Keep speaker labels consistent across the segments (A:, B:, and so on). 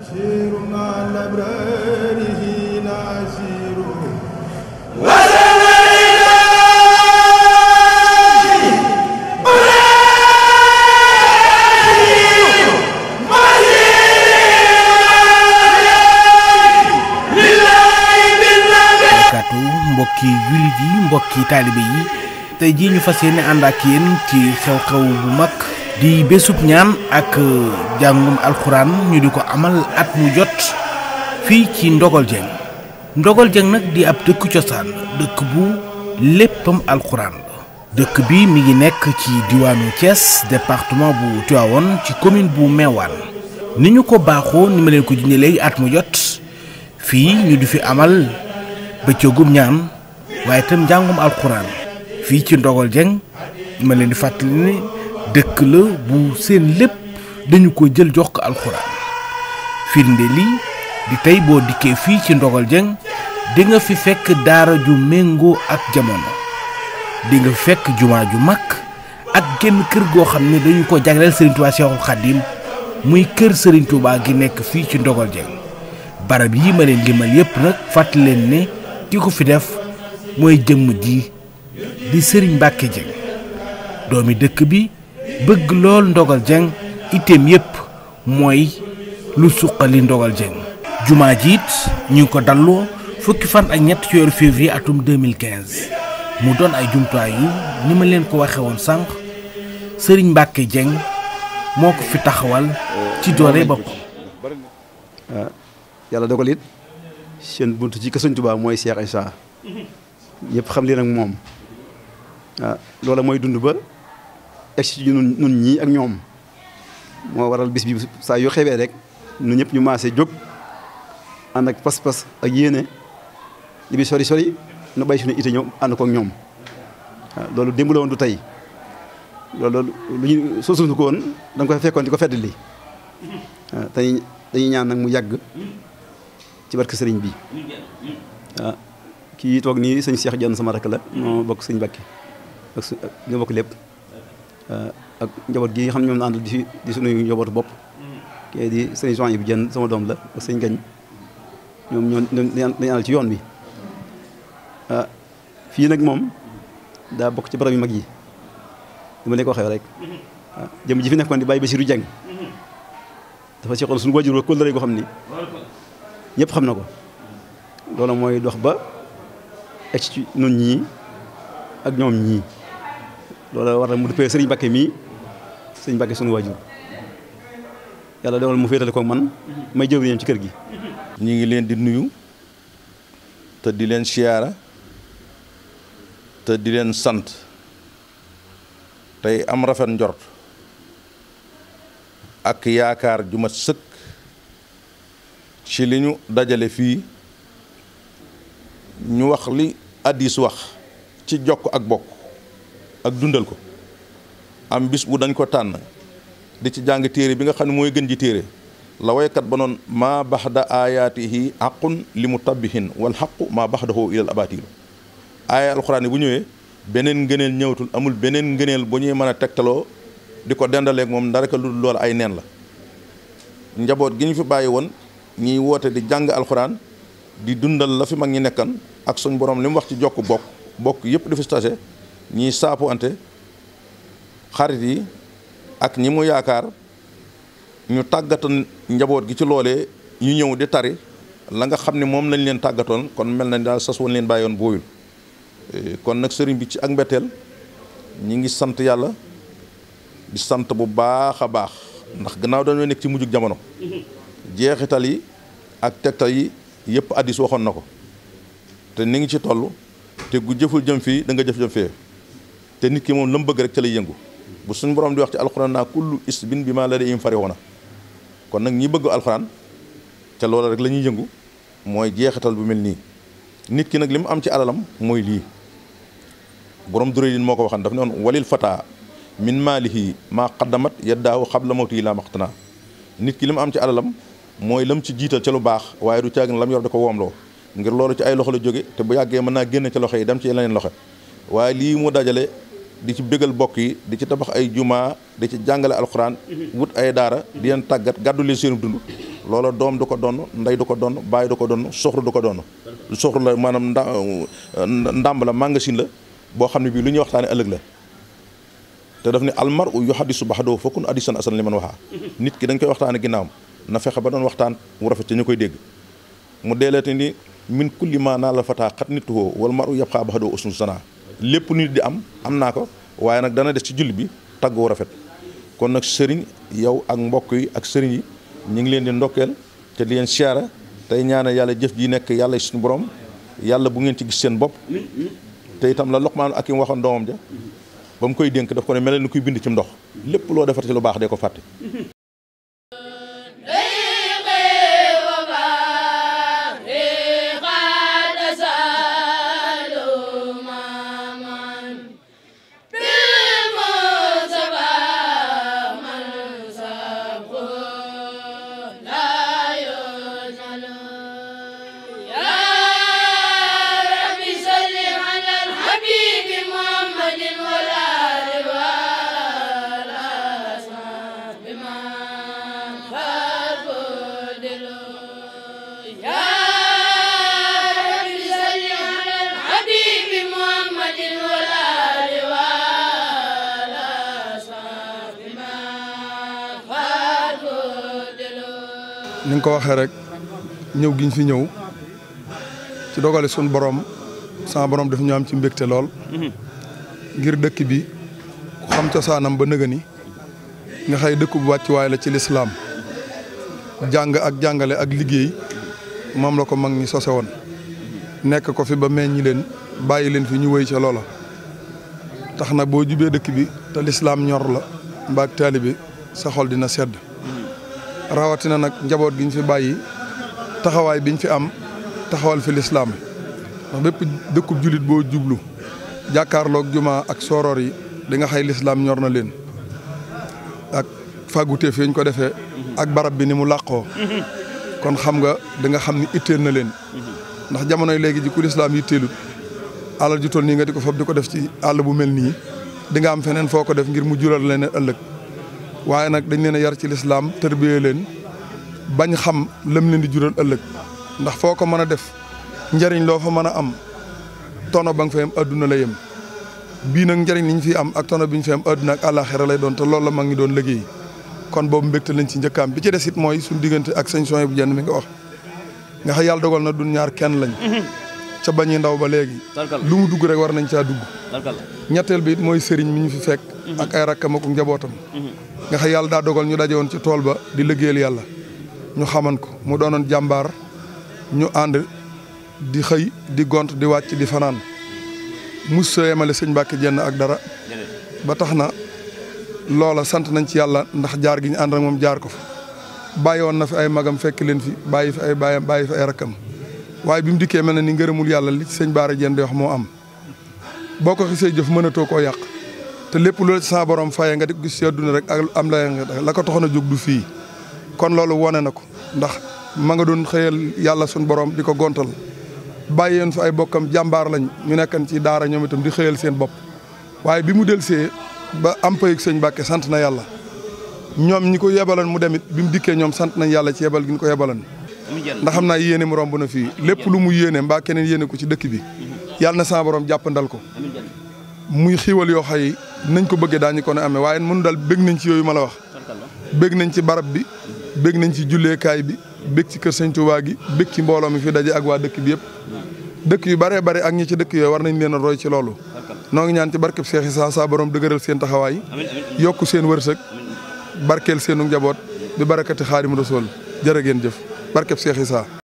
A: mbokki
B: jullit yi mbokki taalibe yi tey jii ñu fas yéene ànd ak yéen ci xew-xew bu mag di bésub ñaan ak euh, jàngum alxuraan ñu di ko amal at mu jot fii ci Ndogal Dieng Ndogal Dieng nag di ab dëkk cosaan dëkk bu léppam alxuraan dëkk bi mi ngi nekk ci diwaanu cees departement bu Tivaouane ci commune bu Meouane ni ñu ko baaxoo ni ma leen ko jinde léegi at mu jot fii ñu di fi amal bëccëgum ñaan waaye itam njàngum alxuraan fii ci Ndogal Dieng ma leen di fàttali ni dëkk la bu seen lépp dañu ko jël jox ko alxuraan firnde lii di tey boo dikkee fii ci Ndogal Dieng dinga fi fekk daara ju méngoo ak jamono di nga fi fekk jumaa ju mag ak genn kër goo xam ne dañu ko jagleel Serigne Touba Cheikhoul Khadim muy kër sëriñ Touba gi nekk fii ci Ndogal Dieng barab yi ma leen limal yépp nag fàttali leen ne ki ko fi def mooy jëmm ji di Serigne Mbacke Dieng doomi dëkk bi. bëgg lool Ndogal Dieng itteem yépp mooy lu suqali Ndogal Dieng jumaa jiit ñu ko dalloo fukki fan ak ñett ci weeru février atum 2015 mu doon ay jumtuwaay yu ni ma leen ko waxe woon sànq Serigne Mbacke jëng moo ko fi taxawal ci doole bopp
C: ah, yàlla dogal seen bunt ci Sëñ Tuubaa mooy Cheikh Issa ñëpp xam li nag moom ah, loola mooy dund ba egsi ci ñun ñii ak ñoom moo waral bis bi saa yoo xewee rek ñun ñëpp ñu maase jóg ànd ak pas-pas ak yéene li bi sori sori nu bàyyi suñu ite ñëw ànd ko ak ñoom loolu démb woon du tey loolu lu ñu soo suñu ko woon da nga fekkoon di ko fedd li dañuy dañuy ñaan nag mu yàgg ci barke sëriñ bi waaw kii toog nii sañ Cheikh jon sama rakk la ñoo bokk sëñ Bakki ak ñoo bokk lépp ak njaboot gi nga xam ne ñoom la àndal di di suñu njabootu bopp mm. kii di sëñ soxna bi jën sama doom la ak sëñ gañ ah, fii nag moom daa bokk ci yu mag yi dama leen ko waxee rek waaw mm-hmm. ah, jëm ji fi nekkoon di bàyyi Basiru Jeng na ko loolu mooy dox ba egg ñoom ñii loolu war na mu duppee sëriñ Mbàkke mii sëriñ Mbàkke sunu waajur yàlla dogal mu féetale ko man may jëwriñam ci kër gi ñu ngi leen di nuyu te di leen siyaara
D: te di leen sant tey am rafet njort ak yaakaar ju ma sëkk ci li ñu dajale fii ñu wax li addis wax ci jokk ak bokk ak dundal ko am bis bu dañ ko tànn di ci jàng téere bi nga xam ne mooy gën ji téere la waykat ba noon maa baxda aayaatihi aqun li mu tabbihin wal xaqu maa baxdahu ilal abatilu aaya alxuraan yi bu ñëwee beneen ngëneel ñëwatul amul beneen ngëneel bu ñuy mën a tegtaloo di ko dendaleeg moom ndaraka lu lool ay neen la njaboot gi ñu fi bàyyi woon ñiy woote di jàng alxuraan di dundal la fi mag ñi nekkan ak suñ borom li mu wax ci jokk bokk bokk yëpp di fi ñiy saapu ante xarit yi ak ñi mu yaakaar ñu tàggatan njaboot gi ci loolee ñu ñëw di tari la nga xam ne moom lañ leen tàggatoon kon mel nañ daal sas woon leen bàyyoon booyul eh, kon nag sëriñ bi ci ak mbetteel ñi ngi sant yàlla di sant bu baax a baax ndax gannaaw dañoo nekk ci mujjug jamono jeexital yi ak tegtal yi yëpp addis waxoon na ko te ni ngi ci toll te gu jëful jëm fii da nga jëf jëm fee te nit ki moom la mu bëgg rek ca lay yëngu bu suñu boroom di wax ci alxuraan naa kullu isbin bi ma la dayim fariwoona kon nag ñi bëgg alxuraan ca loola rek la ñuy yëngu mooy jeexital bu mel nii nit ki nag li mu am ci alalam mooy lii borom durée yin moo ko waxan daf ne woon walil fata min maalihi maa qaddamat yaddaahu xabla mawti laa maxtana nit ki li am ci alalam mooy lam ci jiital ca lu baax waaye du caagin lam yor da ko woomloo ngir loolu ci ay loxo la jóge te bu yàggee mën naa génn ci loxo yi dem ci yeneen loxo waaye lii mu dajale di ci bégal bokk yi di ci tabax ay jumaa di ci jàngale alxuraan wut ay daara di leen tàggat gàddu leen seen dund loola doom du ko donn ndey du ko donn bàyyi du ko donn soxru du ko donn soxru la maanaam ndàmb la magasin la boo xam ne bii lu ñuy waxtaane ëllëg la te daf ne almar u yu hadisu baxadoo fokkun hadisan asan li man waxaa nit ki dañ koy waxtaane ginnaawam na fexe ba doon waxtaan wu rafet ca ñu koy dégg mu deeleete ni min kulli ma naa la fataa xat nit woo wal mar u yàpp lépp nit di am am naa ko waaye nag dana des ci julli bi taggu rafet kon nag sëriñ yow ak mbokk yi ak sëriñ yi ñu ngi leen di ndokkeel te di leen siyaara tey ñaanal yàlla jëf ji nekk yàlla suñu borom yàlla bu ngeen ci gis seen bopp te itam la Luqmaanu Hakim waxoon doomam ja ba mu koy dénk daf ko ne mel ni kuy bind ci ndox lépp loo defar ci lu baax dee ko fàtte
E: ko
A: waxee rek ñëw giñ fi ñëw ci dogale suñu boroom sama borom daf ñu am ci mbégte lool. ngir dëkk bi ku xam cosaanam ba nëga ni nga xëy dëkku bu wàccuwaay la ci lislaam jàng ak jàngale ak liggéey moom la ko mag ñi sose woon nekk ko fi ba meññi leen bàyyi leen fi ñu woy ca loola tax na boo jubee dëkk bi te lislaam ñor la mbaag taalibe sa xol dina sedd rawatina nag njaboot gi ñu fi bàyyi taxawaay biñ fi am taxawal fi lislaam ndax bépp dëkkub jullit boo jublu jàkkaarloog juma ak soroor yi di nga xay lislaam ñor na leen ak fàgguteef yañ ko defee ak barab bi ni mu làqoo kon xam nga danga xam ni itteel na leen ndax jamonoy léegi ji ku lislaam yitteelut alal ju nii nga di ko fab di ko def ci àll bu mel nii di nga am feneen foo ko def ngir mu jural leen a ëllëg waaye nag dañ leen a yar ci lislaam tërbiyee leen bañ xam lam leen di jural ëllëg ndax foo ko mën a def njariñ loo fa mën a am tono ba nga fay am adduna la yem bii nag njariñ li ñu fi am ak tono bi ñu fi am adduna ak àllaaxira lay doon te loolu la mag ñi doon liggéey kon boobu mbégte lañ ci njëkkaam bi ci des it mooy suñ diggante ak sëñ Sohaybu Jenn mi nga wax nga xam yàlla dogal na dun ñaar kenn lañ mhm. ca bañi ndaw ba léegi lu mu dugg rek war nañ caa dugg ñetteel bi mooy sëriñ mi ñu fi fekk mhm. ak ay njabootam mhm. nga xam yàlla daa dogal ñu daje woon ci tool ba di liggéeyal yàlla ñu xaman ko mu doonoon jàmbaar ñu ànd di xëy di gont di wàcc di fanaan mus sa yemale sëñ Mbàkke jenn ak dara ba tax na loola sant nañ ci yàlla ndax jaar gi ñu ànd ak moom jaar ko fa bàyyi woon na fi ay magam fekk leen fi bàyyi fi ay baayam bàyyi fi ay rakkam waaye bi mu dikkee mel na ni ngërëmul yàlla li ci sëñ Baara Jeen di wax moo am boo ko xisee jëf mënatoo koo yàq te lépp loolu ci sa borom faye nga di gis ci àdduna rek ak am la nga la ko taxoon a jóg du fii kon loolu wone na ko ndax ma nga doon xëyal yàlla suñu borom di ko gontal bàyyeen fi ay bokkam jàmbaar lañ ñu nekkan ci daara ñoom itam di xëyal seen bopp waaye bi mu delsee ba am payig sëñ Mbàkke sant na yàlla ñoom ñu ko yebaloon mu demit bi mu dikkee ñoom sant nañ yàlla ci yebal gi ñu ko yebaloon ndax xam naa yéene mu romb na fii lépp lu mu yéene mbaa yéene ko ci dëkk bi yàlla na sa jàppandal ko muy xiiwal yoo xay nañ ko bëggee daañu ko ne amee waaye mënu daal bëgg nañ ci yooyu ma la wax bëgg nañ ci barab bi bëgg nañ ci julleekaay bi bëgg ci kër sëñ Tuubaa gi bëgg ci mbooloo mi fii daje ak waa dëkk bi yëpp dëkk yu baree bari ak ñi ci dëkk yooyu war nañ leen a roy ci loolu noo ngi ñaan ci barkeb Seex Isaa saa boroom dëgëral seen taxawaay yokk seen wërsëg barkeel seenu njaboot bi barakati Xaadimu Rasuul jërë ngeen jëf barkeb Seex Isaa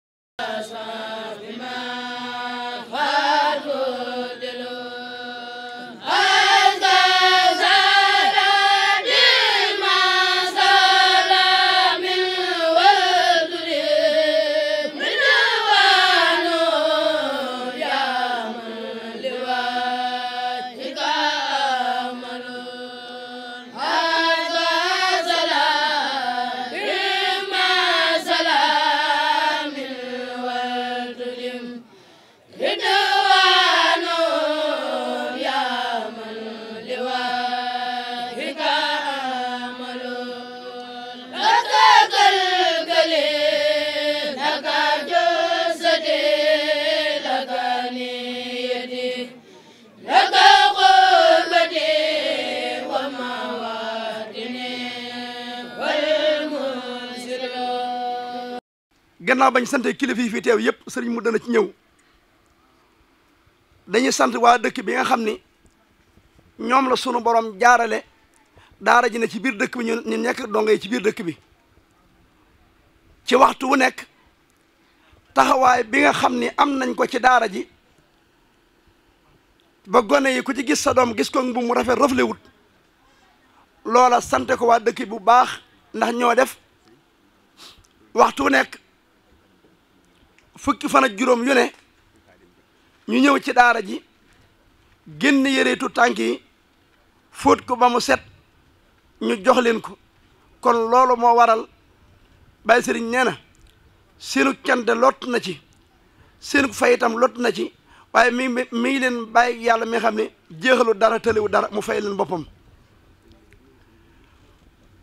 F: gannaaw bañ sante kilifa yi yëpp sëriñ mu dana ci ñëw dañuy sant waa dëkk bi nga xam ni ñoom la sunu borom jaarale daara ji ne ci biir dëkk bi ñu ñu nekk dongo yi ci biir dëkk bi ci waxtu wu nekk taxawaay bi nga xam ni am nañ ko ci daara ji ba gone yi ku ci gis sa doom gis ko bu mu rafet rafle wut loola sante ko waa dëkk bu baax ndax ñoo def waxtu wu nekk fukki fan ak juróom yu ne ñu ñëw ci daara ji génn yëreetu tànk yi fóot ko ba mu set ñu jox leen ko kon loolo moo waral Baye Serigne nee na seenu cant lott na ci seenu fay itam lott na ci waaye mi mi ngi leen bàyyi yàlla mi xam ne jeexalu dara tëliwu dara mu fay leen boppam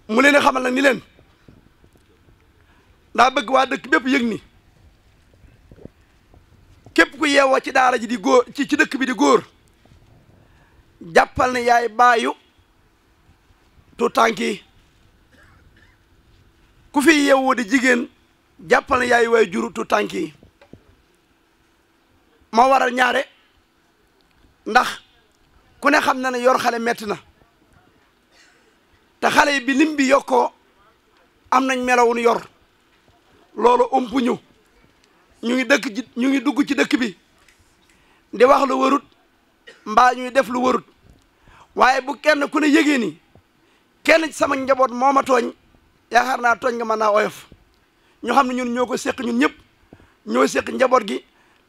F: mu leen xamal na ni leen ndaa bëgg waa dëkk bépp yëg ni képp ku yeewoo ci daara ji di góor ci ci dëkk bi di góor jàppal ne yaay baayu tu tànki ku fi yeewoo di jigéen jàppal ne yaay waay juru tu tànki moo waral ñaare ndax ku ne xam na ne yor xale metti na te xale yi bi lim bi yokkoo am nañ melawun yor loolu ëmp ñu ngi dëkk ci ñu ngi dugg ci dëkk bi di wax lu warut mbaa ñuy def lu warut waaye bu kenn ku ne yëgee ni kenn ci sama njaboot moo tooñ yaakaar naa tooñ nga mën naa oyof ñu xam ne ñun ñoo ko seq ñun ñëpp ñoo seq njaboot gi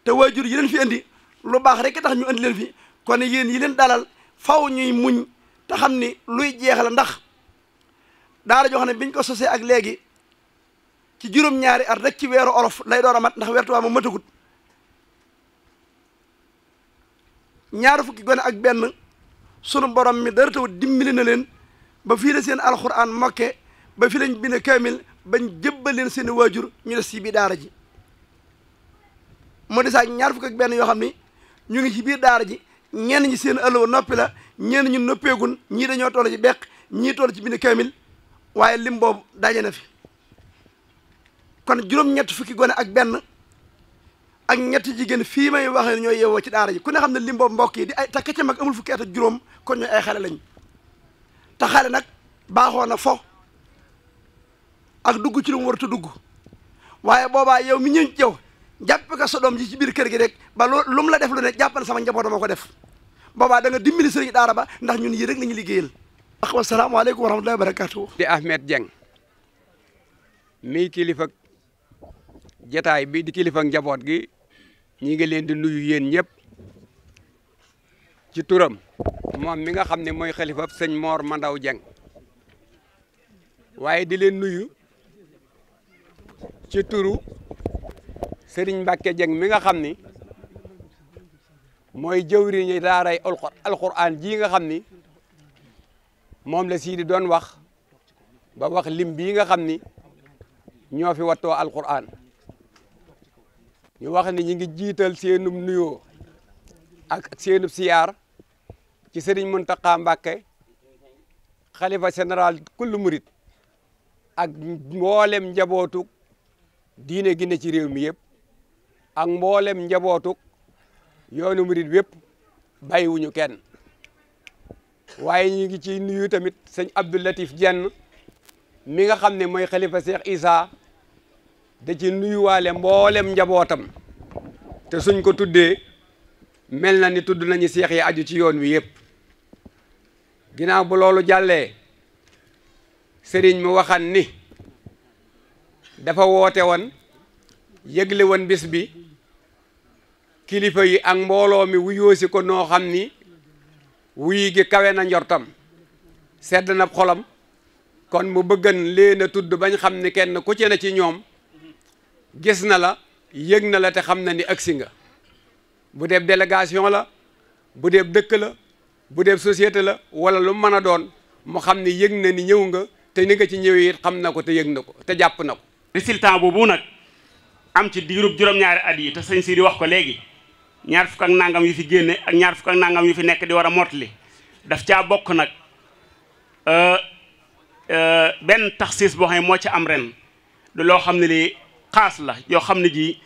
F: te waajur yi leen fi indi lu baax rek tax ñu indi leen fi kon yéen yi leen dalal faw ñuy muñ te xam ni luy jeex ndax daara joo xam biñ ko sosee ak léegi ci juróom-ñaari at rek ci weeru olof lay door mat ndax weer tubaab ñaar fukki gone ak benn sunu borom mi dara taw dimbali na leen ba fii la seen alxuraan mokke ba fi lañ bind kaamil bañ jëbbal leen seen waajur ñu des ci biir daara ji moo desaat ñaar fukk ak benn yoo xam ni ñu ngi ci biir daara ji ñenn ñi seen ëllëg noppi la ñenn ñu noppeegun ñii dañoo toll ci beq ñii toll ci bind kaamil waaye lim boobu na fi kon juróom-ñett fukki gone ak benn ak ñetti jigéen fii may waxee ñooy yeewoo ci daara ji ku ne xam ne lim boobu mbokk di ay takk ca mag amul fukki at juróom kon ñooy ay xale lañ te xale nag baaxoo na fo ak dugg ci lu mu warut dugg waaye boobaa yow mi ñu yow jàpp ko sa doom ji ci biir kër gi rek ba lu la def lu ne jàpp na sama njaboot ma ko def boobaa danga nga dimbali sëriñ daara ba ndax ñun yii rek la ñu liggéeyal. wa salaamualeykum wa rahmatullahi wa barakaatu.
G: di Ahmed Dieng. mi kilifa. jataay bi di kilifa njaboot gi ñi ngi leen di nuyu yéen ñëpp ci turam moom mi nga xam ne mooy xalifa sëñ Mor Mandaw Dieng waaye di leen nuyu ci turu sëriñ Mbacke mi nga xam ni mooy jëwriñu daaray alquran ji nga xam ni moom la sii di doon wax ba wax lim bii nga xam ni ñoo fi wattoo alquran ñu wax ni ñu ngi jiital seenum nuyoo ak seenub siyaar ci sëriñ Muntaxa Mbàkke xalifa général kullu murit ak mboolem njabootuk diine gi ne ci réew mi yëpp ak mboolem njabootuk yoonu murit yëpp bàyyiwuñu kenn waaye ñu ngi ci nuyu tamit sëñ Abdou Latif Jenn mi nga xam ne mooy xalifa Cheikh Issa da ci nuyuwaale mboolem njabootam te suñ ko tuddee mel na ni tudd nañu seex yi aju ci yoon wi yëpp ginnaaw bu loolu jàllee sëriñ mi waxan ni dafa woote woon yëgle woon bis bi kilifa yi ak mbooloo mi wu wuyoosi ko noo xam ni wuyi gi kawe na njortam sedd na xolam kon mu bëggan leen a tudd bañ xam ni kenn ku ci na ci ñoom gis na la yëg na la te xam na ni agsi nga bu dee délégation la bu dee dëkk la bu dee société la wala lu mën a doon mu xam ni yëg
H: na ni ñëw nga te ni nga ci ñëwee it xam na ko te yëg na ko te jàpp na ko. résultat boobu nag am ci diirub juróom-ñaari at yi te sañ si di wax ko léegi ñaar fukk ak nangam yu fi génne ak ñaar fukk ak nangam yu fi nekk di war a mottali daf caa bokk nag euh, euh, benn taxsiis boo xam ne moo ci am ren du loo xam ne lii. xaas la yoo xam ne ji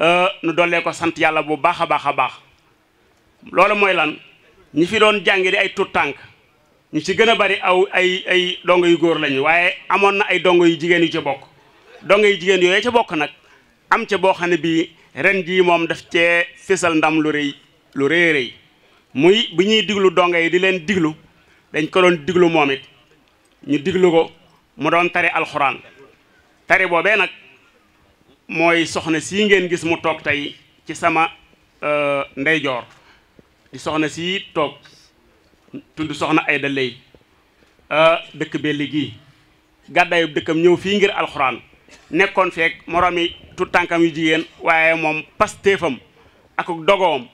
H: euh, nu dollee ko sant yàlla bu baax a baax a baax loolu mooy lan ñi fi doon jàngi di ay tut tànk ñu ci gën a bari aw ay ay dongo yu góor lañu waaye amoon na ay dongo yu jigéen yu ca bokk dongo yu jigéen yooyu ca bokk nag am ca boo xam ne bii ren jii moom daf cee fisal ndam lu rëy lu rëy rëy muy bu ñuy diglu dongo yi di leen diglu dañ ko doon diglu moom it ñu diglu ko mu doon tari alxuraan tari boobee nag mooy soxna sii ngeen gis mu toog tey ci sama euh, ndeyjoor di soxna si toog tudd soxna Aida Leye euh, dëkk belli gii gàddaayub dëkkam ñëw fii ngir alxuraan nekkoon feek moromi tut tànkam yu jigéen waaye moom pastéefam ak dogoom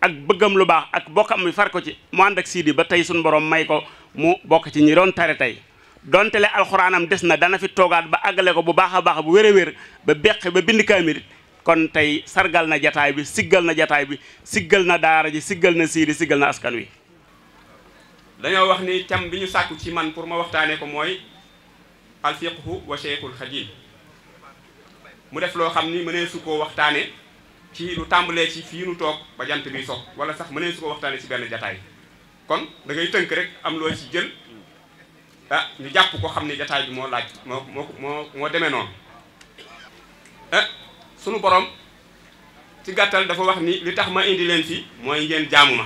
H: ak bëggam lu baax ak bokkam mi far ko ci mu ànd ak siidi ba tey suñu borom may ko mu bokk ci ñi doon tare tey donte le alxuraanam des na dana fi toogaat ba àggale ko bu baax a baax bu wér wér ba beqe ba bind kaamil kon tey sargal na jataay bi siggal na jataay bi siggal na daara ji siggal na siiri siggal na askan wi dañoo wax ni thème bi ñu sàkku ci man pour ma waxtaanee ko mooy alfiqhu wa cheikhul xadim mu def loo xam ni mënee su koo waxtaane ci lu tàmbalee ci fii nu toog ba jant bi sox wala sax mënee su koo waxtaane ci benn jataay kon da ngay tënk rek am loo ah ñu jàpp ko xam ne jataay bi moo laaj moo moo moo moo demee noonu ah sunu boroom ci gàttal dafa wax ni li tax ma indi leen fi mooy ngeen jaamu ma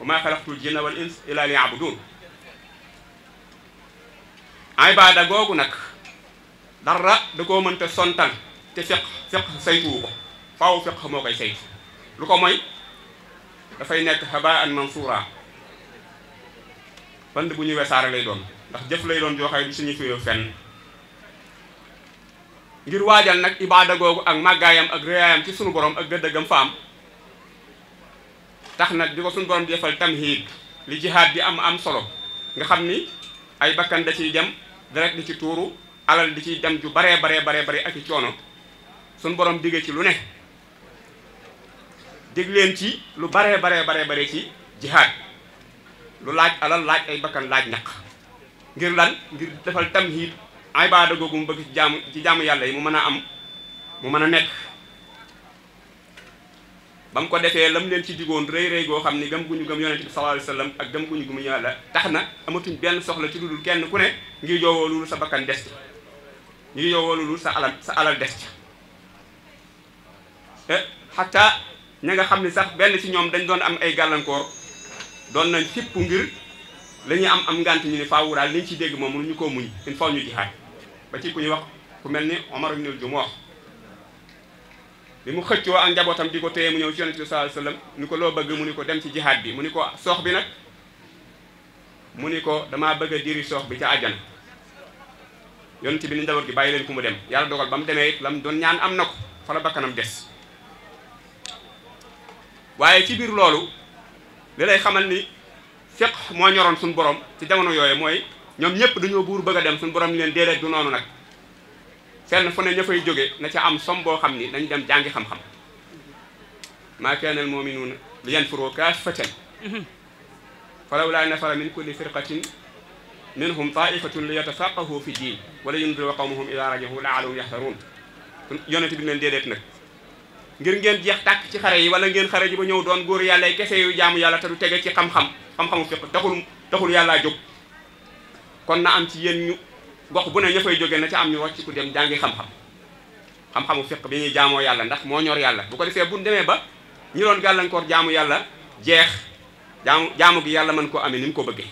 H: wa maa xalaqtul jinna wal ins illa liya'budun ibaada googu nag dara da koo mënta sontal te fiq fiq saytuwu ko faw fiq moo koy saytu lu ko moy dafay nekk xabaan mansuura band bu ñuy wesaare lay doon ndax jëf lay doon jooxee du suñu fiyo fenn ngir waajal nag ibaada googu ak màggaayam ak réyaayam ci sunu borom ak gëddëgam fa am tax na di ko sunu borom di defal li jihaad bi am am solo nga xam ni ay bakkan da ciy dem deret di ci tuuru alal di ciy dem ju baree baree bare bare ak i coono sunu borom digge ci lu ne dig leen ci lu baree baree baree bare ci jihaad lu laaj alal laaj ay bakkan laaj ñaq ngir lan ngir defal tamhiid ibaada googu mu bëgg ci jàmm ci jaamu yàlla yi mu mën a am mu mën a nekk ba mu ko defee lam leen ci digoon rëy rëy goo xam ni gëm guñu gëm yonente bi sallallahu alayhi wasallam ak gëm guñu gëm yàlla tax na amatuñ benn soxla ci ludul kenn ku ne ngir yoowoo loolu sa bakkan des ci ngir yoowoo loolu sa alal sa alal des ci xataa eh, ña nga xam ne sax benn ci ñoom dañ doon am ay gàllankoor doon nañ fipp ngir la am am ngant ñu ne faawu daal liñ ci dégg moom ñu koo muñ il faut ñu jihaad ba ci ku ñu wax ku mel ni Omar ibn al-Jumuh li mu xëccoo ak njabootam di ko téye mu ñëw ci yonent bi sallallahu alayhi wasallam ni ko loo bëgg mu ni ko dem ci jihaad bi mu ni ko soox bi nag mu ni ko damaa bëgg a diri soox bi ca àjjana yonent bi ni njaboot gi bàyyi leen ku mu dem yàlla dogal ba mu demee it la mu doon ñaan am na ko fa la bakkanam des waaye ci biir li lay xamal ni fiq moo ñoroon suñu borom ci jamono yooyu mooy ñoom ñëpp dañoo buur bëgg a dem suñu borom ni leen déedéet du noonu nag fenn fu ne ña fay jóge na ca am som boo xam ni dañu dem jàngi xam-xam maa kaana al muminuuna li yanfiroo kaafatan falawlaa nafara min kulli firqatin minhum taifatun li yatafaqahu fi diin wala yundiru qawmahum idaa rajahuu laallahum yaxdaruun yonent bi leen déedéet nag ngir ngeen jeex tàkk ci xare yi wala ngeen xare ji ba ñëw doon góor yàlla yi kese yu jaamu yàlla te du tege ci xam-xam xam-xamu fiq taxul taxul yàllaa jóg kon na am ci yéen ñu gox bu ne ña jóge na ca am ñu wàcc ku dem jàngi xam-xam xam-xamu fiq bi ñuy jaamoo yàlla ndax moo ñor yàlla bu ko defee bun demee ba ñu doon gàllankoor jaamu yàlla jeex jaamu jaamu gi yàlla mën koo amee ni mu ko bëggee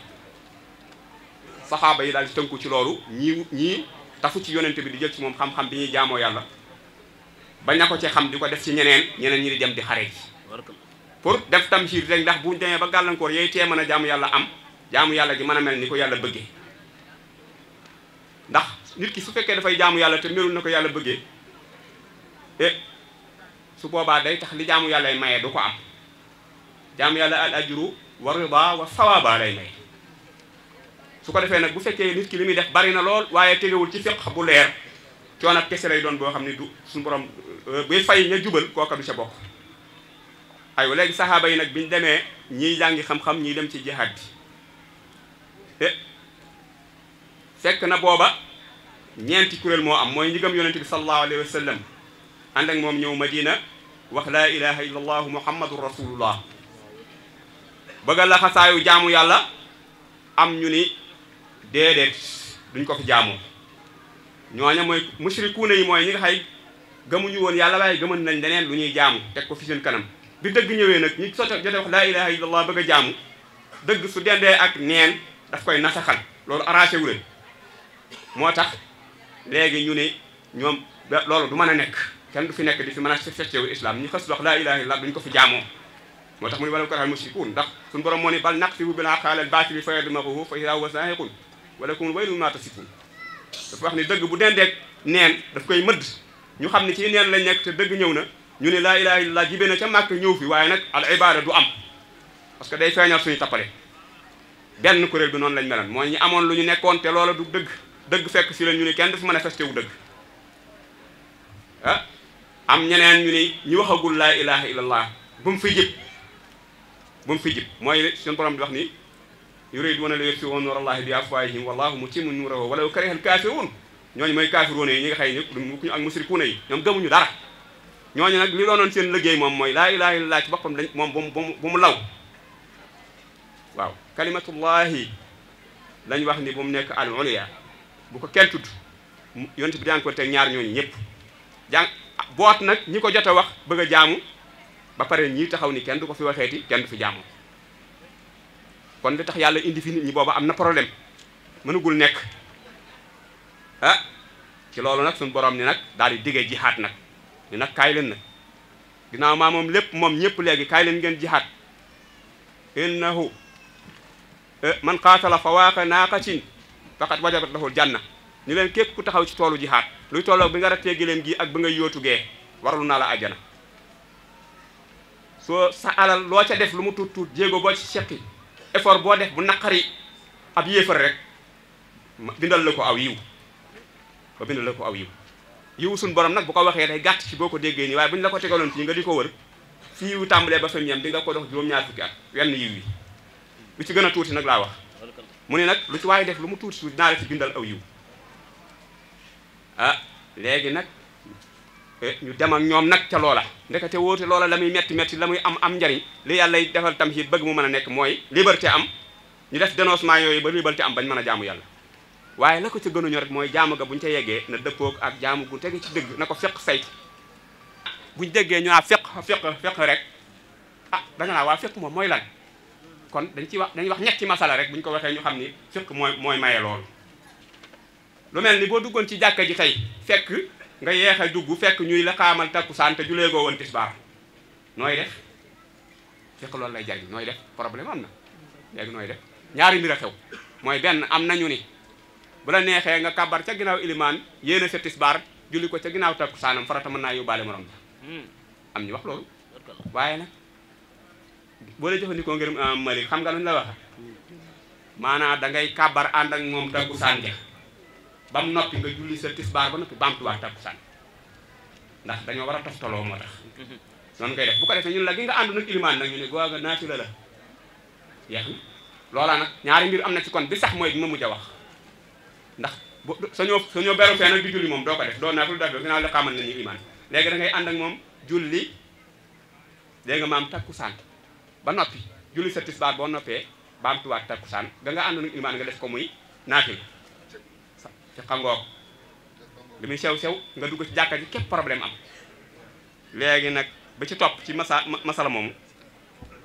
H: saxaaba yi daal di tënku ci loolu ñii ñii tafu ci yonent bi di jël ci moom xam ñuy jaamoo yàlla ba na ko ci xam di ko def ci ñeneen ñeneen ñi di dem di xare ji pour def tamxiir rek ndax bu demee ba gàllankoor yooyu tee mën a jaamu yàlla am jaamu yàlla gi mën a mel ni ko yàlla bëggee ndax nit ki su fekkee dafay jaamu yàlla te melul na ko yàlla bëggee e su boobaa day tax li jaamu yàlla maye du ko am jaamu yàlla al ajru wa rida wa sawaaba lay maye su ko defee nag bu fekkee nit ki li muy def bari na lool waaye tegewul ci fiq bu leer coono kese lay doon boo xam ne du suñu borom Euh, buy fay ña jubal kooka du ca bokk aywa léegi saxaaba yi nag biñ demee ñiy jàngi xam-xam ñiy dem ci jihaad bi eh, fekk na booba ñeenti kuréel moo am mooy ñi gëm yonente bi sallallahu alayhi wa sallam ak moom ñëw madina wax laa ilaha illa allahu muhammadu rasulullah bëgg a laxasaayu jaamu yàlla am ñu ni déedéet duñ ko fi jaamu ñooña mooy mushrikuuna yi mooy ñi nga xay gëmuñu woon yàlla waaye gëmën nañ leneen lu ñuy jaamu teg ko fi seen kanam bi dëgg ñëwee nag ñi soto jote wax laa ilaha illallah bëgg a jaamu dëgg su dendee ak neen daf koy nasaxal loolu arrangé wu leen moo tax léegi ñu ne ñoom loolu du mën a nekk kenn du fi nekk di fi mën a feccewu islam ñu xës wax laa ilaha illallah duñ ko fi jaamoo moo tax mu ne walaw karaha mushrikuun ndax suñu borom moo ne bal naqsibu bil aqaal al baatili fa yadmaguhu fa idaa huwa zaahiqun wax ni dëgg bu dendeek neen daf koy mëdd ñu xam ne ci neen lañ nekk te dëgg ñëw na ñu ne laa ilaha illallah jibe na ca màkk ñëw fi waaye nag al ibada du am parce que day feeñal suñu tappale benn kuréel bi noonu lañ meloon mooy ñi amoon lu ñu nekkoon te loola du dëgg dëgg fekk si lañ ñu ne kenn dafa manifesté wu dëgg ah, am ñeneen ñu ni ñu waxagul laa ilaha illallah bu mu fi jib bu mu fi jib mooy suñu borom di wax ni yuriduuna li yutfi'u nuura llaahi bi afwaahihim wallaahu mutimmu nuurahu walaw kariha al kaafiruun ñooñu mooy kaafiroon yi ñi nga xëy ñëpp ak musrikuuna yi ñoom gëmuñu dara ñooñu nag li doonoon seen liggéey moom mooy laa ilaaha illallaah ci boppam dañ moom bu mu bu mu law waaw kalimatullaahi lañ wax ni bu mu nekk al ulya bu ko kenn tudd yonent bi jàng ko te ñaar ñooñu ñëpp jàng boot nag ñi ko jot a wax bëgg a jaamu ba pare ñii taxaw ni kenn du ko fi waxeeti kenn du fi jaamu kon li tax yàlla indi fi nit ñi booba am na problème mënugul nekk ah ci loolu nag suñu boroom ni nag daal di diggee jihaat nag ni nag kaay leen nag ginnaaw maa moom lépp moom ñëpp léegi kaay leen ngeen jihaat innahu eh, man qaatala fawaaqa naaqatin faqad wajabat lahul janna ñu leen képp ku taxaw ci toolu jihaat luy tolloog bi nga rattee gileem gi ak ba ngay yóotu gee warlu naa la ajjana soo sa alal loo ca def lu mu tuut tuut jéego boo ci seqi effort boo def bu naqari ab yéefar rek dindal la ko aw yiw ba bind la ko aw yiw yiwu suñ borom nag bu ko waxee day gàtt ci boo ko déggee nii waaye bu ñu la ko tegaloon fii nga di ko wër fi tàmbalee ba fam yam di nga ko dox juróom-ñaar fukki at wenn yiw yi lu ci gën a tuuti nag laa wax mu ne nag lu ci waaye def lu mu tuuti su dinaa la ci bindal aw yiw ah léegi nag eh, ñu dem ñoom nag ca loola ndekete wóote loola la muy metti metti la muy am am njariñ li yàlla defal tam tamit bëgg mu mën a nekk mooy liberté am ñu def dénoncement yooyu ba liberté am bañ mën a jaamu yàlla waaye la ko ca gënuñu rek mooy jaamu ga bu ñu ca yeggee na dëppoog ak jaamu gu tege ci dëgg na ko feq saytu bu ñu déggee ñu naa feq feq feq rek ah da nga naa waa feq moom mooy lan kon dañ ci wax dañ wax ñetti masala rek bu ñu ko waxee ñu xam ni feq mooy mooy maye loolu lu mel ni boo duggoon ci jàkka ji tey fekk nga yeex a dugg fekk ñuy la xaamal takkusaan te julee goo woon tisbaar nooy def feq loolu lay jariñ nooy def problème am na léegi nooy def ñaari mbir xew mooy benn am nañu ni bu la neexee nga kàbbar ca ginnaaw ilimaan yéene sa tisbaar julli ko ca ginnaaw takkusaanam farata mën naa yóbbaale morom hmm. am ñu wax loolu waaye nag boo la jëfandikoo ngir euh, am xam nga luñ la wax maanaam dangay kàbbar ànd ak moom takkusaan ja bam mu noppi nga julli sa tisbaar ba noppi baamtuwaat takkusaan ndax dañoo war a toftaloo moo tax hmm. noonu ngay def bu ko defee ñu la gi nga àndu nag ilimaan nag ñu ne waa nga la la yeex na loola nag am na ci kon bi sax mooy bi ma mujj a wax ndax bu sañoo sañoo beru fee nag di julli moom doo ko def doo naafil doo def naa li xamal nañu iman léegi da ngay ànd ak moom julli léegi nga maam takkusaan ba noppi julli sa tisbaar boo noppee baamtuwaat takkusaan ga nga àndoon ak iman nga def ko muy naafil ci xam ngoo li muy sew sew nga dugg ci jàkka ji képp problème am léegi nag ba ci topp ci masa masala moomu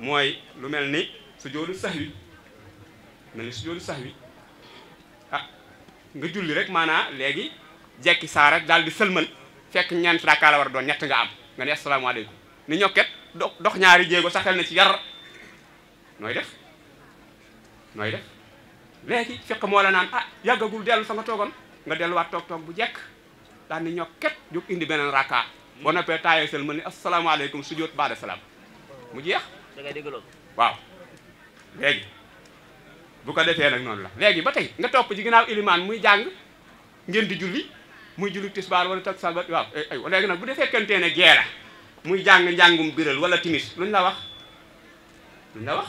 H: mooy lu mel ni sax wi mel ni sax wi nga julli rek maanaa léegi jekki saa rek daal di sëlmal fekk ñeent rakkaa la war doon ñett nga am nga ne asalaamaaleykum ni ñokket dox ñaari jéego saxel na ci yar nooy def nooy def léegi fekk moo la naan ah yàggagul dell fa nga toogoon nga delluwaat toog toog bu jekk daal ni ñokket jóg indi beneen rakkaa boo noppee taayee sëlmal ni asalaamaaleykum sujjóot baada salaam mu jeex da ngay dégg loolu waaw léegi bu ko defee nag noonu la léegi ba tey nga topp ci ginnaaw ilimaan muy jàng ngeen di julli muy julli tisbaar wala takkusaan ba waaw eh, ay nag bu defee fekkantee ne gee muy jàng njàngum biral wala timis luñ la wax luñ la wax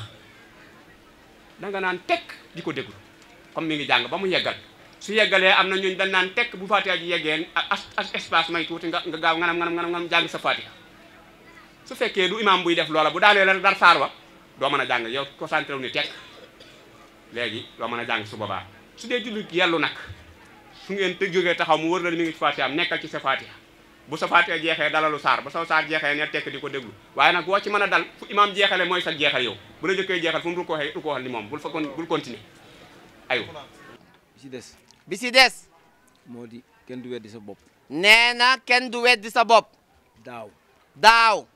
H: danga naan tekk di ko déglu comme mi ngi jàng ba mu yeggal su yeggalee am na ñun dañ naan tekk bu fatiha ji yeggee a espace may tuuti nga nga gaaw nganam nganam nganam nganam jàng sa fatiha su fekkee du imam buy def loola bu daanee la dar saar wa doo mën a jàng yow concentré wu ni tekk léegi loo mën a jàng su boobaa su dee jullit yellu nag su ngeen te jógee taxaw mu war la mi ngi ci fatiha am nekkal ci sa fatiha bu sa fatiha jeexee dalalu saar ba sa saar jeexee ne tekk di ko déglu waaye nag boo ci mën a dal fu imaam jeexale mooy sa jeexal yow bu la jëkkee jeexal fu mu rukkoo xee rukkoo xal ni moom bul fa kon bul continuer ayu bi si des bi si des moo di kenn du weddi sa bopp nee na kenn du weddi sa bopp daaw daaw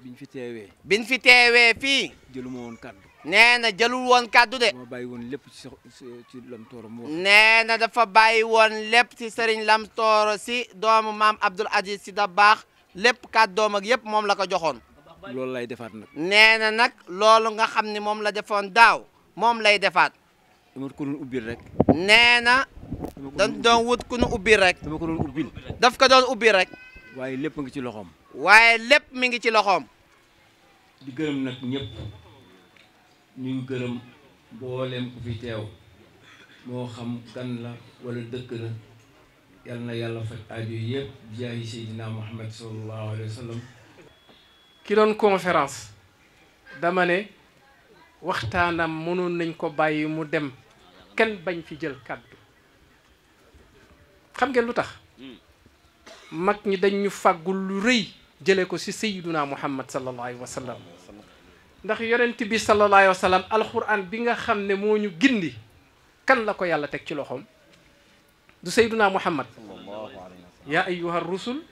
H: biñ fi teewee biñ fi teewee fii jëluma woon kaddu nee na jëlul woon kàddu de. moo bàyyi woon
B: lépp ci ci Lamtooro
H: nee na dafa bàyyi woon lépp ci lam Lamtooro si doomu maam Abdoul Aziz si da baax lépp kàddoom ak yëpp moom la ko joxoon.
C: loolu lay defaat nag.
H: nee na nag loolu nga xam ni moom la defoon daaw moom lay defaat. dama ko doon ubbil rek. nee na. dañ doon wut ku nu ubbil rek. daf ko doon ubbil rek. waaye lépp
B: ngi ci loxoom. waaye lépp mi ngi ci loxoom. di gërëm nag ñëpp. ñu ngi gërëm mboolem ku fi teew moo xam kan la wala dëkk la yal na yàlla faj aajo yëpp jaayi seydina muhammad sallallahu alayhi wa
I: ki doon conférence dama ne waxtaanam mënoon nañ ko bàyyi mu dem kenn bañ fi jël kàddu xam ngeen lu tax mag ñi dañ ñu fàggul lu rëy jële ko ci seydina muhammad sallallahu alayhi wa sallam ndax yonent bi sallallahu alayhi wa sallam alxuraan bi nga xam ne moo ñu gindi kan la ko yàlla teg ci loxoom du sayduna muhammad yaa ayyuha rusul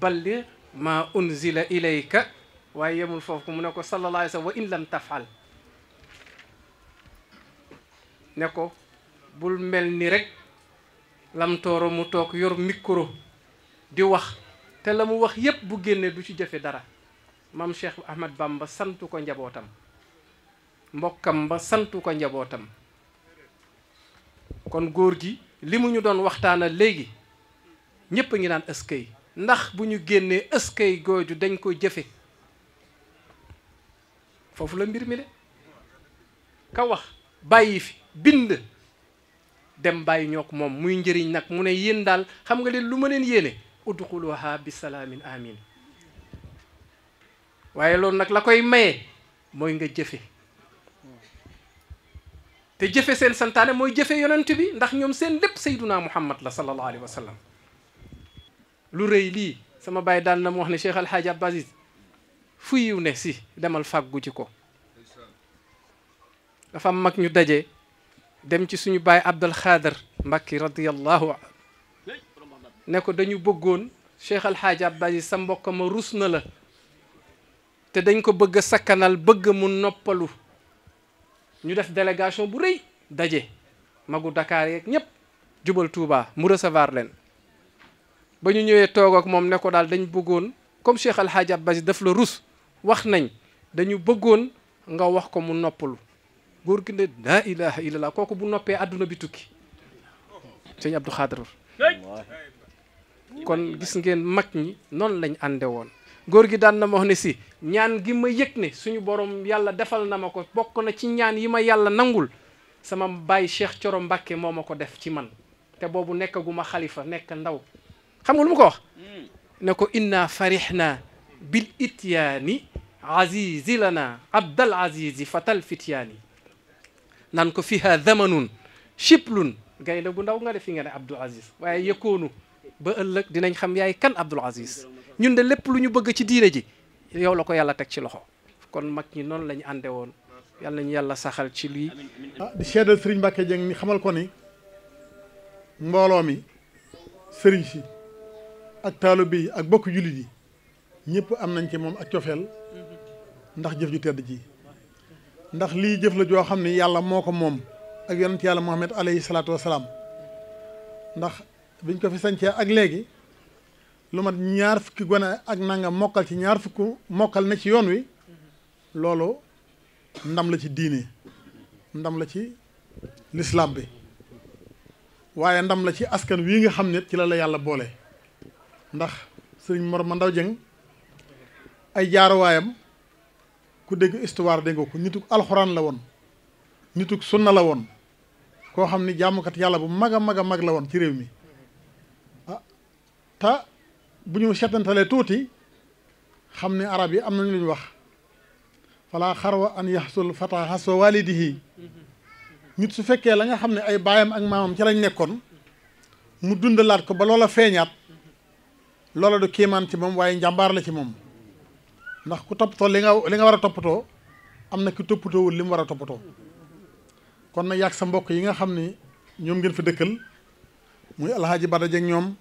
I: balligh ma unzila ilayka waaye yemul foofu mu ne ko sallallahu alayhi wa sallam wa in tafal ne ko bul mel ni rek lamtooro mu toog yor micro di wax te la mu wax yépp bu génne du ci jëfe dara maam Cheikh Ahmad Bamba santu ko njabootam mbokkam ba santu ko njabootam kon góor gi li mu ñu doon waxtaana léegi ñépp a ngi naan ëskay ndax bu ñu génnee ëskay gooju dañ ko jëfe foofu la mbir mi de ka wax bàyyi fi bind dem bàyyi ñoo ko moom muy njariñ nag mu ne yéen daal xam nga leen lu ma leen yéene udxuluha bi salaamin amin waaye loolu nag la koy maye mooy nga jëfe te jëfe seen santaane mooy jëfe yonent bi ndax ñoom seen lépp sayduna muhammad la sallallahu alayhi wa sallam lu rëy lii sama bàyyi daan na mu wax ne cheikh alhaaji Abdou Aziz fu yiw ne si demal fàggu ci ko dafa mag ñu daje dem ci suñu baay Abdul Xaadir Mbàkki radiyallahu ne ko dañu bëggoon Cheikh Alhaaji Abdou Aziz sa mbokk ma rus na la te dañ ko bëgg a sakkanal bëgg mu noppalu ñu def delegation bu rëy daje magu Dakar yeeg ñëpp jubal tuuba mu recevoir leen ba ñu ñëwee toog ak moom ne ko daal dañ bëggoon comme Cheikh Al Hadj Abbas daf la rus wax nañ dañu bëggoon nga wax ko mu noppalu góor gi ne laa ilaha illallah kooku bu noppee àdduna bi tukki sëñ Abdou Khadre kon gis ngeen mag ñi noonu lañ ànde woon góor gi daan na ma wax ne si ñaan gi ma yëg ne suñu borom yàlla defal na ma ko bokk na ci ñaan yi ma yàlla nangul sama baay Cheikh Coro Mbacke moo ma ko def ci man te boobu nekkaguma xalifa nekk ndaw xam nga lu mu ko wax hmm. ne ko inna farihna bil ityaani azizi lana abdal azizi fatal fityaani nan ko fiha zamanun chiplun gaynde bu ndaw nga def fi nga ne Abdul Aziz waaye yëkkoonu ba ëllëg dinañ xam yaay kan Abdul Aziz ñun de lépp lu ñu bëgg ci diine ji yow la ko yàlla teg ci loxo kon mag ñi noonu la ñu ànde woon yàlla nañu yàlla saxal ci lii
J: ah di seedal sëriñ Mbàkke Jeng ni xamal ko ni mbooloo mi sëriñ si ak taalibe yi ak bokk jullit yi ñëpp am nañ ci moom ak cofeel ndax jëf ju tedd ji ndax lii jëf la joo xam ne yàlla moo ko moom ak yonent yàlla Muhammad alayhi salaatu wa salaam ndax biñ ko fi sancee ak léegi lu mat ñaar fukki gone ak nangam mokkal ci ñaar fukk mokkal na ci yoon wi loolu ndam la ci diini ndam la ci lislaam bi waaye ndam la ci askan wii nga xam ne ci la la yàlla boole ndax sëriñ Mor ma ndaw jëng ay jaaruwaayam ku dégg histoire dégg ko nitug alxuraan la woon nitug sunna la woon koo xam ni jaamukat yàlla bu mag a mag a mag la woon ci réew mi ah, bu ñu setantalee tuuti xam ni arab yi am nañu lu ñu wax xar wa an yaxsul fata xaswa walidihi nit su fekkee la nga xam ne ay baayam ak maamam ci lañ nekkoon mu dundalaat ko ba loola feeñaat loola du kiimaan ci moom waaye njàmbaar la ci moom ndax ku toppatoo li nga li nga war a toppatoo am na ki toppatoowul li war a toppatoo kon na yàgg sa mbokk yi nga xam ni ñoom ngeen fi dëkkal muy alxaaji Bada Dieng ñoom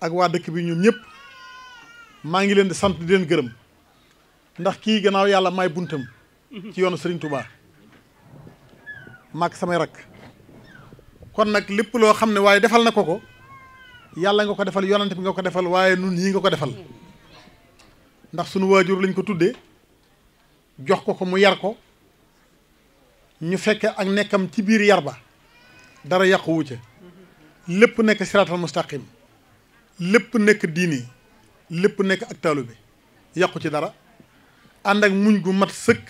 J: ak waa dëkk bi ñoom ñëpp maa ngi leen di sant di leen gërëm ndax kii gannaaw yàlla may buntam ci yoonu Serigne Touba maak samay rakk kon nag lépp loo xam ne waaye defal na ko ko yàlla nga ko defal yonante bi nga ko defal waaye nun ñii nga ko defal ndax sunu waajur lañ ko tuddee jox ko ko mu yar ko ñu fekke ak nekkam ci biir yar ba dara yàquwu ca lépp nekk siraatal mustaqim lépp nekk diini lépp nekk ak taalu bi yàqu ci dara ànd ak muñ gu mat sëkk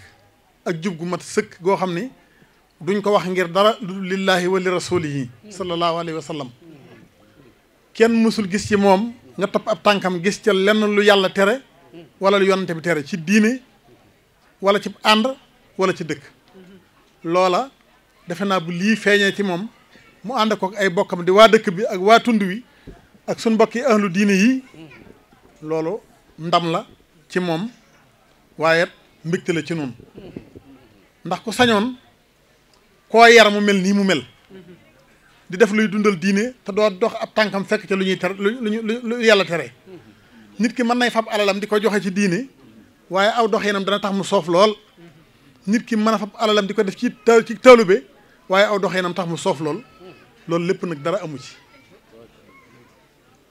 J: ak jub gu mat sëkk goo xam ni duñ ko wax ngir dara lu lillaahi wa li rasulihi sallallahu alayhi kenn mësul gis ci moom nga topp ab tànkam gis ca lenn lu yàlla tere wala lu yonante bi tere ci diine wala ci ànd walla ci dëkk loola defe naa bu lii feeñee ci moom mu ànd ko ak ay bokkam di waa dëkk bi ak waa tund wi ak suñ mbokki ahlu diine yi loolu ndam la ci moom waaye mbégte la ci noonu ndax ku sañoon koo yar mu mel nii mu mel di def luy dundal diine te doo dox ab tànkam fekk ca lu ñuy tere lu ñu lu yàlla tere nit ki mën nay fab alalam di ko joxe ci diine waaye aw nam dana tax mu soof lool nit ki mën a fab alalam di ko def ci ci bi waaye aw nam tax mu soof lool loolu lépp nag dara amu ci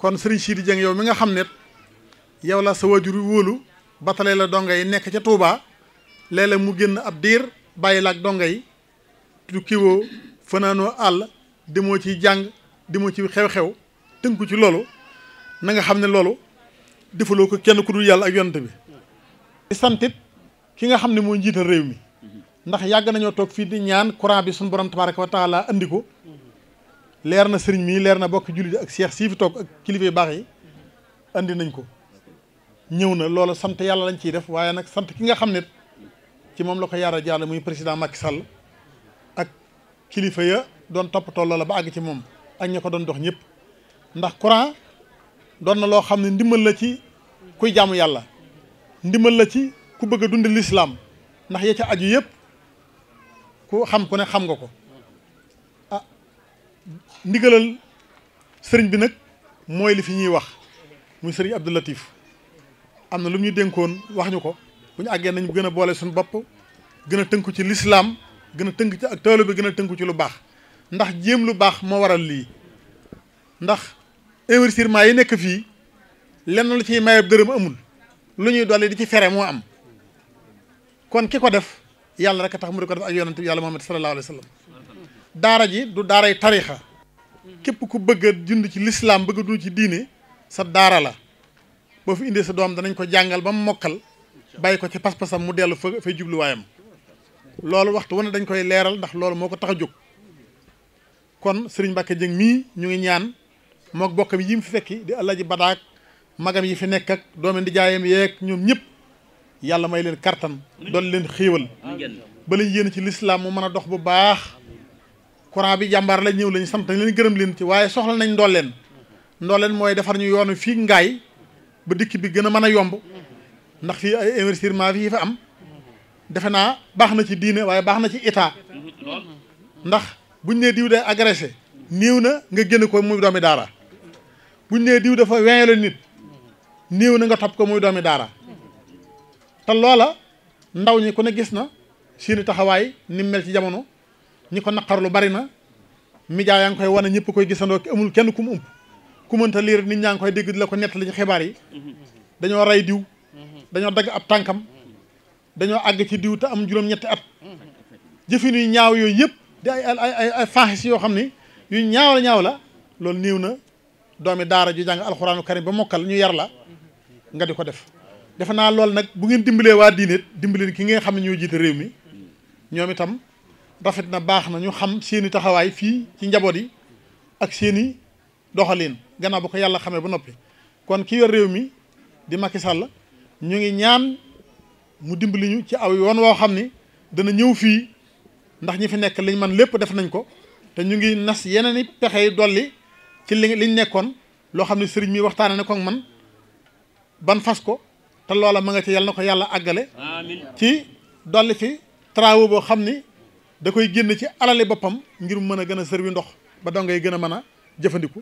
J: kon sëriñ di Dieng yow mi nga xam ne yow la sa waajur wóolu batale la donga yi nekk ca Touba léeg mu génn ab diir bàyyi la ak donga yi du kiwoo fanaanoo àll demoo ci jàng demoo ci xew-xew tënku ci loolu na nga xam ne loolu defaloo ko kenn ku dul yàlla ak yonent bi di santit ki nga xam ne mooy njiital réew mi ndax yàgg nañoo toog fii di ñaan courant bi suñu borom tabaraka wa taala andi ko leer na sëriñ mii leer na bokk jullit ak seex sii fi toog ak kilifa yu baax yi indi nañ ko ñëw na loolu sant yàlla lañ ciy def waaye nag sant ki nga xam ne ci moom la ko yaara jaale muy président Macky Sall ak kilifa ya doon toppatoo loola ba àgg ci moom añ ña ko doon dox ñëpp ndax courant doon na loo xam ne ndimbal la ci kuy jàmm yàlla ndimbal la ci ku bëgg a dund lislaam ndax ya ca aju yëpp ku xam ku ne xam nga ko ndigalal sëriñ bi nag mooy li fi ñuy wax muy sëriñ Abdou Latif am na lu ñu dénkoon wax ñu ko bu ñu àggee nañ gën a boole suñu bopp gën a tënku ci lislaam gën a tënk ci ak toolu bi gën a tënku ci lu baax ndax jéem lu baax moo waral lii ndax investissement yi nekk fii lenn lu ciy mayeb dërëm amul lu ñuy dolli di ci fere moo am kon ki ko def yàlla rek a tax mu di ko def ak yonent yàlla Muhammad sallallahu alayhi wa daara ji du daaray tarixa képp ku bëgg a ci lislaam bëgg a dund ci diine sa daara la boo fi indee sa doom danañ ko jàngal ba mu mokkal bàyyi ko ci pas-pasam mu dellu fa fay jubluwaayam loolu waxtu wane dañ koy leeral ndax loolu moo ko tax a jóg kon sëriñ Mbacke Dieng mii ñu ngi ñaan mook bokkam yi mu fi fekki di ji Badaak magam yi fi nekk ak doomi ndijaayam yeeg ñoom ñëpp yàlla may leen kartan doon leen xéewal ba lañ yéen ci lislaam mu mën a dox bu baax courant bi jàmbaar la ñëw lañ sant leen gërëm leen ci waaye soxla nañ ndolleen leen mooy defar ñu yoonu fii ngaay ba dikk bi gën a mën a yomb ndax fii ay investissement fii fa am defe naa baax na ci diine waaye baax na ci état ndax buñ nee diw de agressé niiw na nga génn ko muy doomi daara buñ nee diw dafa weñale nit néew na nga topp ko muy doomi daara te loola ndaw ñi ku ne gis na seeni taxawaay ni mel ci jamono ñi ko lu bari na média yaa ngi koy wane ñëpp koy gisandoo amul kenn ku mu ump ku mënta liir nit ñaa ngi koy dégg di la ko nettali ci xibaar yi dañoo rey diw dañoo dagg ab tànkam dañoo àgg ci diw te am juróom-ñetti at jëfin yu ñaaw yooyu yëpp di ay ay ay faaxis yoo xam ni yu ñaaw la ñaaw la lool néew na doomi daara ju jàng alxuraanu karim ba mokkal ñu yar la nga di ko def defe naa loolu nag bu ngeen dimbalee waa diineet dimbaleen ki nga xam ne ñoo jiite réew mi ñoom itam rafet na baax na ñu xam seeni taxawaay fii ci njaboot yi ak seeni doxalin gannaaw bu ko yàlla xamee ba noppi kon kii yor réew mi di Macky sàll ñu ngi ñaan mu dimbali ñu ci aw yoon woo xam ni dana ñëw fii ndax ñi fi nekk liñ man lépp def nañ ko te ñu ngi nas yeneen i pexe yi dolli ci li liñ nekkoon loo xam ne sëriñ mi waxtaane na ko man ban fas ko te loola ma nga ci yàlla ko yàlla àggale ci dolli fi travaux boo xam ni da koy génn ci alali boppam ngir mën a gën a servi ndox ba dongay gën a mën a jëfandiku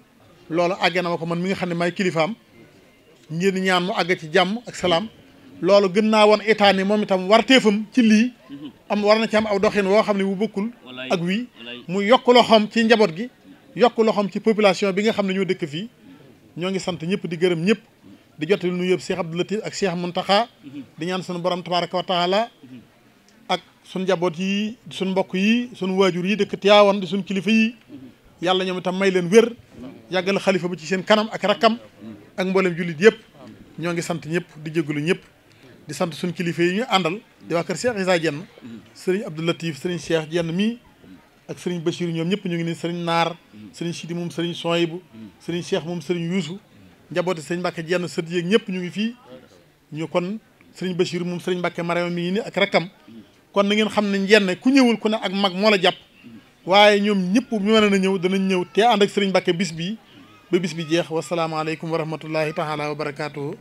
J: loolu àggee na ma ko man mi nga xam ne may kilifaam ngeen ñaan mu àgg ci jàmm ak salaam loolu gën naa woon état ni moom itam war warteefam ci lii am war na ci am aw doxin woo xam ne bu bokkul ak wii mu yokk loxoom ci njaboot gi yokk loxoom ci population bi nga xam ne ñoo dëkk fii ñoo ngi sant ñëpp di gërëm ñëpp di jottali nu yëpp Cheikh Abdou Latif ak Cheikh Mountakha mm-hmm. di ñaan sunu borom tabaraka wa taala mm-hmm. sun njaboot yi sun mbokk yi sun waajur yi dëkk Tiwaawan di sun kilifa yi yàlla ñoom itam may leen wér yàggale xalifa ba ci seen kanam ak rakkam ak mboolem jullit yëpp ñoo ngi sant ñëpp di jégalu ñëpp di sant suñ kilifa yi ñu àndal di waa kër Cheikh Issa Diène sëriñ Abdou Latif sëriñ Cheikh Diène mii ak sëriñ Bachir ñoom ñëpp ñu ngi nii sëriñ Naar sëriñ Sidi moom sëriñ Soyibu sëriñ Cheikh moom sëriñ Youssou njabooti sëriñ Mbacke jenn sët yeeg ñëpp ñu ngi fii ñu kon sëriñ Bachir moom sëriñ Mbacke Mariam mi ngi nii ak rakkam kon na ngeen xam ne ne ku ñëwul ku ne ak mag moo la jàpp waaye ñoom ñëpp ñu mën a ñëw danañ ñëw te ànd ak Serigne Mbacké bis bi ba bis bi jeex wasalaamaaleykum wa rahmatullahi taala wa barakaatu.